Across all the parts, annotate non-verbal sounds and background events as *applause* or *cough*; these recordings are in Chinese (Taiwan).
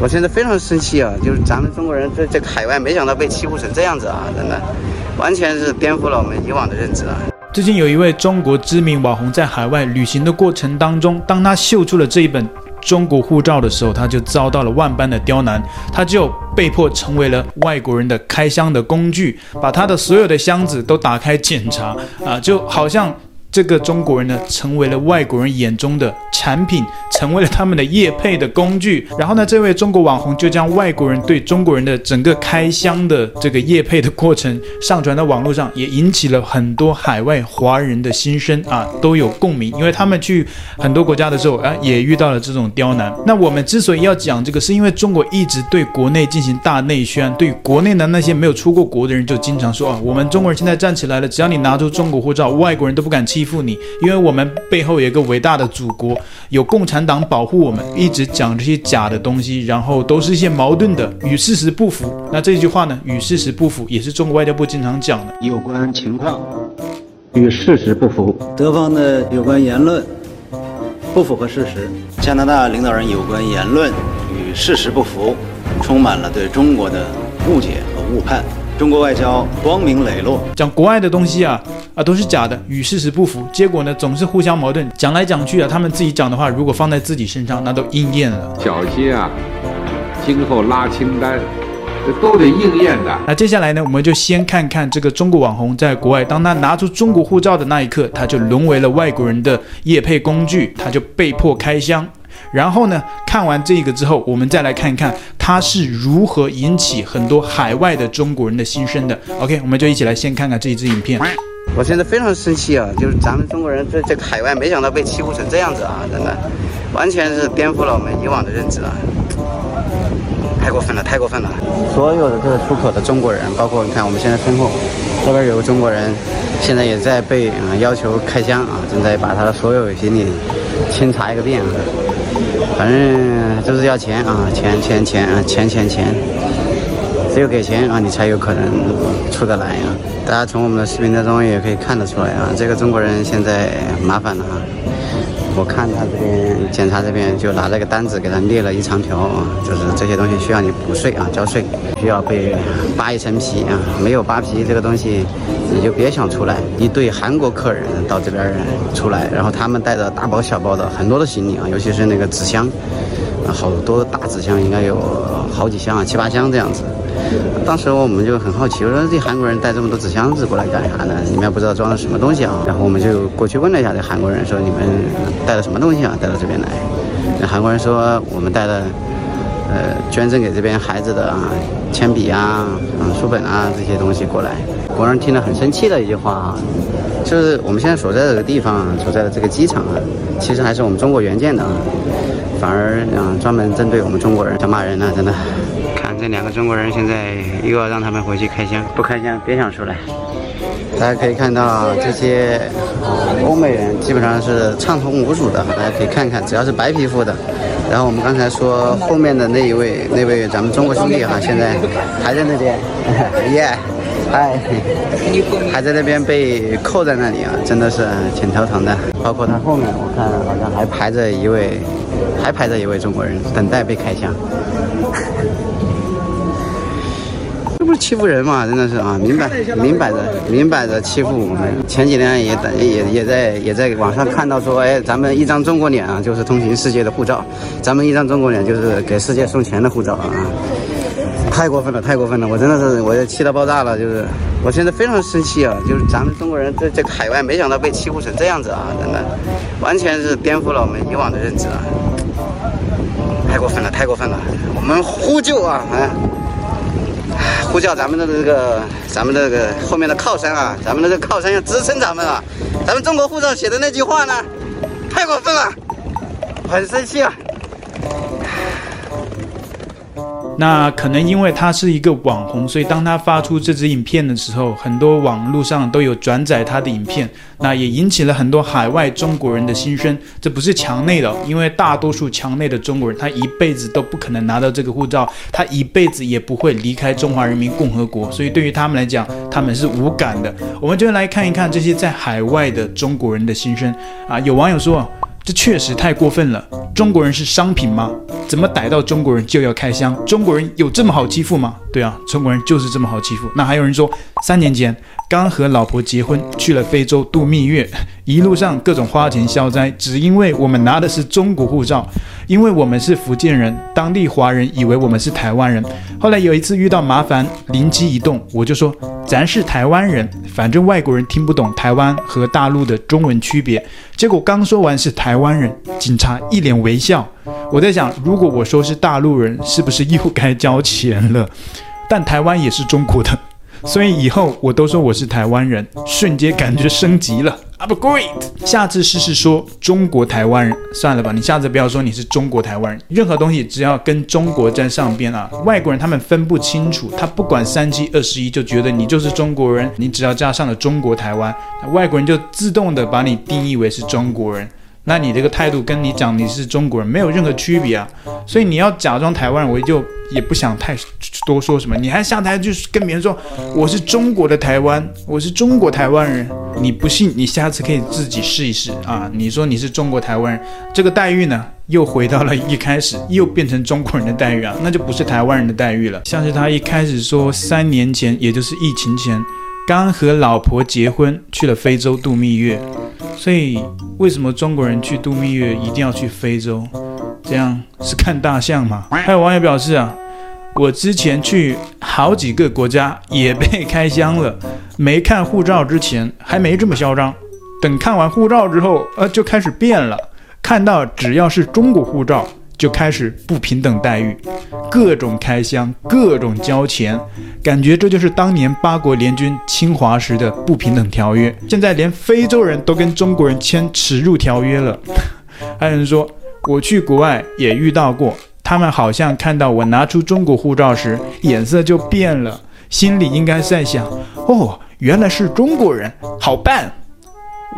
我現在非常生氣啊！就是咱們中國人在這個海外，沒想到被欺負成這樣子啊！真的，完全是顛覆了我們以往的認知啊！最近有一位中國知名網紅在海外旅行的過程當中，當他秀出了這一本中國護照的時候，他就遭到了萬般的刁難，他就被迫成為了外國人的開箱的工具，把他的所有的箱子都打開檢查啊，就好像這個中國人呢，成為了外國人眼中的。產品成為了他們的業配的工具，然後呢，這位中國網紅就將外國人對中國人的整個開箱的這個業配的過程上傳到網絡上，也引起了很多海外華人的心聲啊，都有共鳴，因為他們去很多國家的時候啊，也遇到了這種刁難。那我們之所以要講這個，是因為中國一直對國內進行大內宣，對國內的那些沒有出過國的人就經常說啊，我們中國人現在站起來了，只要你拿出中國護照，外國人都不敢欺負你，因為我們背後有一個偉大的祖國。有共產黨保護我們，一直講這些假的東西，然後都是一些矛盾的，與事實不符。那這句話呢，與事實不符，也是中國外交部經常講的。有關情況與事實不符，德方的有關言論不符合事實，加拿大領導人有關言論與事實不符，充滿了對中國的誤解和誤判。中國外交光明磊落，講國外的東西啊啊都是假的，與事實不符。結果呢，總是互相矛盾，講來講去啊，他們自己講的話如果放在自己身上，那都應驗了。小心啊，今後拉清單，這都得應驗的。那接下來呢，我們就先看看這個中國網紅在國外，當他拿出中國護照的那一刻，他就淪為了外國人的業配工具，他就被迫開箱。然後呢？看完這個之後，我們再來看一看它是如何引起很多海外的中國人的心聲的。OK，我們就一起來先看看這一支影片。我現在非常生氣啊！就是咱們中國人在這個海外，沒想到被欺負成這樣子啊！真的，完全是顛覆了我們以往的認知啊！太過分了，太過分了！所有的這個出口的中國人，包括你看我們現在身後這邊有個中國人，現在也在被、呃、要求開箱啊，正在把他的所有行李清查一個遍啊。反正就是要錢啊，錢錢錢啊，錢錢錢，只有給錢啊，你才有可能出得來啊。大家從我們的視頻當中也可以看得出來啊，這個中國人現在麻煩了哈。我看他這邊檢查，這邊就拿了個單子給他列了一長條啊，就是這些東西需要你補稅啊，交稅需要被扒一層皮啊，沒有扒皮這個東西你就別想出來。一對韓國客人到這邊出來，然後他們帶着大包小包的很多的行李啊，尤其是那個紙箱，好多大紙箱，應該有好幾箱啊，七八箱這樣子。當時我們就很好奇，我說這韓國人帶這麼多紙箱子過來幹啥呢？裡面不知道裝了什麼東西啊？然後我們就過去問了一下這韓國人，說你們帶了什麼東西啊？帶到這邊來？那韓國人說我們帶了呃捐贈給這邊孩子的啊鉛筆啊、書本啊這些東西過來。國人聽了很生氣的一句話啊，就是我們現在所在的這個地方，所在的這個機場啊，其實還是我們中國援建的，反而啊專門針對我們中國人想罵人呢啊，真的。這兩個中國人現在又要讓他們回去開箱，不開箱別想出來。大家可以看到，這些、哦、歐美人基本上是暢通無阻的。大家可以看看，只要是白皮膚的。然後我們剛才說，後面的那一位，那位咱們中國兄弟哈、啊，現在還在那邊。耶，嗨、yeah，還在那邊被扣在那裡啊，真的是挺頭疼的。包括他後面，我看好像還排着一位，還排着一位中國人等待被開箱。欺負人嘛，真的是啊，明擺明擺着，明擺着欺負我們。前幾天也也也在也在網上看到說，哎，咱們一張中國臉啊，就是通行世界的護照；咱們一張中國臉，就是給世界送錢的護照啊。太過分了，太過分了！我真的是我就氣到爆炸了，就是我現在非常生氣啊，就是咱們中國人在這個海外，沒想到被欺負成這樣子啊，真的，完全是顛覆了我們以往的認知啊。太過分了，太過分了！我們呼救啊！哎。不叫咱們的這個，咱們的這個後面的靠山啊，咱們的這個靠山要支撐咱們啊，咱們中國護照寫的那句話呢，太過分了，很生氣啊。那可能因為他是一個網紅，所以當他發出這支影片的時候，很多網路上都有轉載他的影片，那也引起了很多海外中國人的心聲。這不是牆內的，因為大多數牆內的中國人，他一輩子都不可能拿到這個護照，他一輩子也不會離開中華人民共和國，所以對於他們來講，他們是無感的。我們就來看一看這些在海外的中國人的心聲啊。有網友說，這確實太過分了！中國人是商品嗎？怎麼逮到中國人就要開箱？中國人有這麼好欺負嗎？對啊，中國人就是這麼好欺負。那還有人說，三年前剛和老婆結婚，去了非洲度蜜月，一路上各種花錢消災，只因為我們拿的是中國護照。因為我們是福建人，當地華人以為我們是台灣人。後來有一次遇到麻煩，靈機一動，我就說咱是台灣人，反正外國人聽不懂台灣和大陸的中文區別。結果剛說完是台灣人，警察一臉微笑。我在想，如果我說是大陸人，是不是又該交錢了？但台灣也是中國的。所以以後我都說我是台灣人，瞬間感覺升級了，upgrade。Up 下次試試說中國台灣人，算了吧，你下次不要說你是中國台灣人。任何東西只要跟中國沾上邊啊，外國人他們分不清楚，他不管三七二十一就覺得你就是中國人。你只要加上了中國台灣，那外國人就自動的把你定義為是中國人。那你這個態度跟你講你是中國人沒有任何區別啊，所以你要假裝台灣人，我就也不想太多說什麼。你還下台去跟別人說我是中國的台灣，我是中國台灣人。你不信，你下次可以自己試一試啊。你說你是中國台灣人，這個待遇呢又回到了一開始，又變成中國人的待遇啊，那就不是台灣人的待遇了。像是他一開始說三年前，也就是疫情前。剛和老婆結婚，去了非洲度蜜月，所以為什麼中國人去度蜜月一定要去非洲？這樣是看大象嗎？還有網友表示啊，我之前去好幾個國家也被開箱了，沒看護照之前還沒這麼囂張，等看完護照之後，呃，就開始變了，看到只要是中國護照就開始不平等待遇，各種開箱，各種交錢。感覺這就是當年八國聯軍侵華時的不平等條約。現在連非洲人都跟中國人簽恥辱條約了。 *laughs* 還有人說：“我去國外也遇到過，他們好像看到我拿出中國護照時，顏色就變了，心裡應該在想：哦，原來是中國人，好辦。”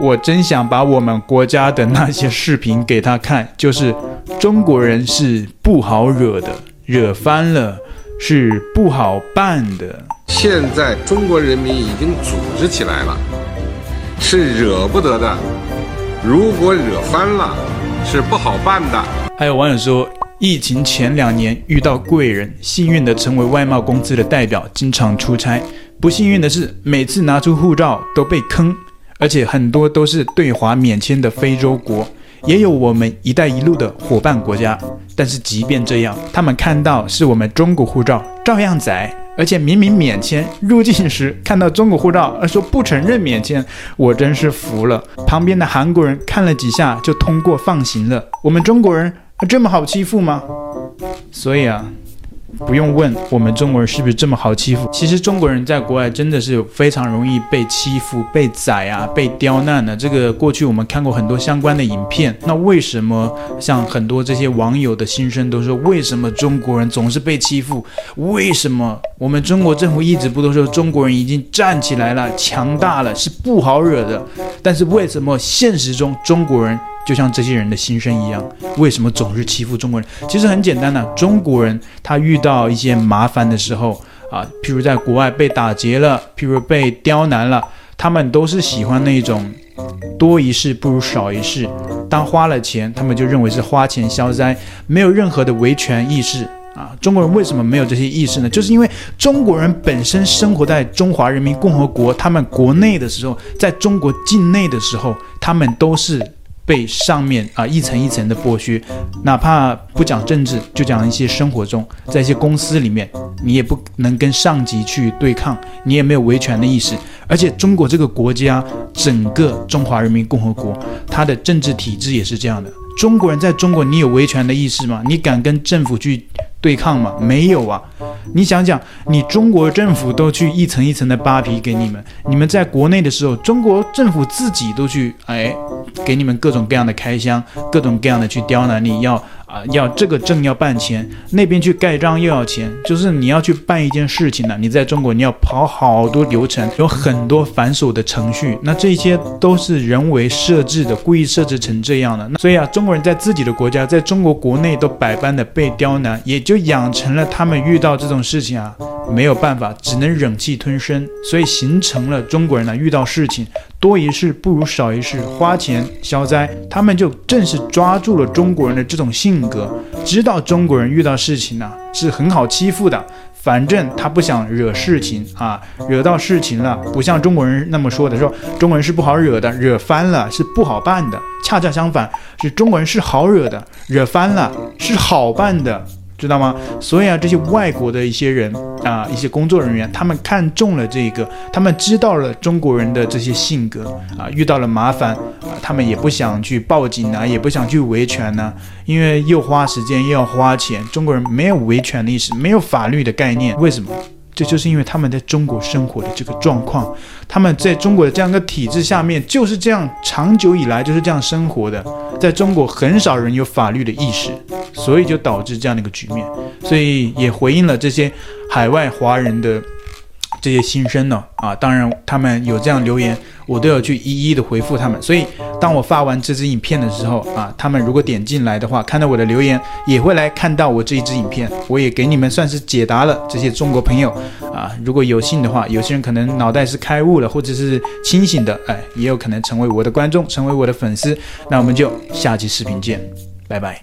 我真想把我們國家的那些視頻給他看，就是中國人是不好惹的，惹翻了，是不好辦的。現在中國人民已經組織起來了，是惹不得的。如果惹翻了，是不好辦的。還有網友說，疫情前兩年遇到貴人，幸運地成為外貿公司的代表，經常出差。不幸運的是，每次拿出護照都被坑，而且很多都是對華免簽的非洲國。也有我們“一帶一路”的夥伴國家，但是即便這樣，他們看到是我們中國護照，照樣宰。而且明明免簽入境時看到中國護照，而說不承認免簽，我真是服了。旁邊的韓國人看了幾下就通過放行了。我們中國人這麼好欺負嗎？所以啊。不用問，我們中國人是不是這麼好欺負？其實中國人在國外真的是非常容易被欺負、被宰啊、被刁難的、啊。這個過去我們看過很多相關的影片。那為什麼像很多這些網友的心聲都說，為什麼中國人總是被欺負？為什麼我們中國政府一直不都說中國人已經站起來了、強大了，是不好惹的？但是為什麼現實中中國人？就像這些人的心聲一樣，為什麼總是欺負中國人？其實很簡單呢啊。中國人他遇到一些麻煩的時候啊，譬如在國外被打劫了，譬如被刁難了，他們都是喜歡那種多一事不如少一事。當花了錢，他們就認為是花錢消災，沒有任何的維權意識啊。中國人為什麼沒有這些意識呢？就是因為中國人本身生活在中華人民共和國，他們國內的時候，在中國境內的時候，他們都是。被上面啊，呃，一層一層的剝削，哪怕不講政治，就講一些生活中，在一些公司裡面，你也不能跟上級去對抗，你也沒有維權的意識。而且中國這個國家，整個中華人民共和國，它的政治體制也是這樣的。中國人在中國，你有維權的意識嗎？你敢跟政府去對抗嗎？沒有啊！你想想，你中國政府都去一層一層的扒皮給你們，你們在國內的時候，中國政府自己都去哎，給你們各種各樣的開箱，各種各樣的去刁難，你要。啊，要這個證要辦錢，那邊去蓋章又要錢，就是你要去辦一件事情呢、啊，你在中國你要跑好多流程，有很多繁瑣的程序，那這些都是人為設置的，故意設置成這樣的。那所以啊，中國人在自己的國家，在中國國內都百般的被刁難，也就養成了他們遇到這種事情啊，沒有辦法，只能忍氣吞聲，所以形成了中國人呢、啊，遇到事情。多一事不如少一事，花錢消災。他們就正是抓住了中國人的這種性格，知道中國人遇到事情呢、啊、是很好欺負的。反正他不想惹事情啊，惹到事情了，不像中國人那麼說的時候，說中國人是不好惹的，惹翻了是不好辦的。恰恰相反，是中國人是好惹的，惹翻了是好辦的。知道嗎？所以啊，這些外國的一些人啊，一些工作人員，他們看中了這個，他們知道了中國人的這些性格啊，遇到了麻煩啊，他們也不想去報警啊，也不想去維權呢啊，因為又花時間又要花錢。中國人沒有維權的意識，沒有法律的概念，為什麼？這就是因為他們在中國生活的這個狀況，他們在中國的這樣一個體制下面就是這樣長久以來就是這樣生活的，在中國很少人有法律的意識。所以就導致這樣的一個局面，所以也回應了這些海外華人的這些心聲呢。啊，當然他們有這樣留言，我都有去一一的回復他們。所以當我發完這支影片的時候，啊，他們如果點進來的話，看到我的留言，也會來看到我這一支影片。我也給你們算是解答了這些中國朋友。啊，如果有幸的話，有些人可能腦袋是開悟了，或者是清醒的，哎，也有可能成為我的觀眾，成為我的粉絲。那我們就下期視頻見，拜拜。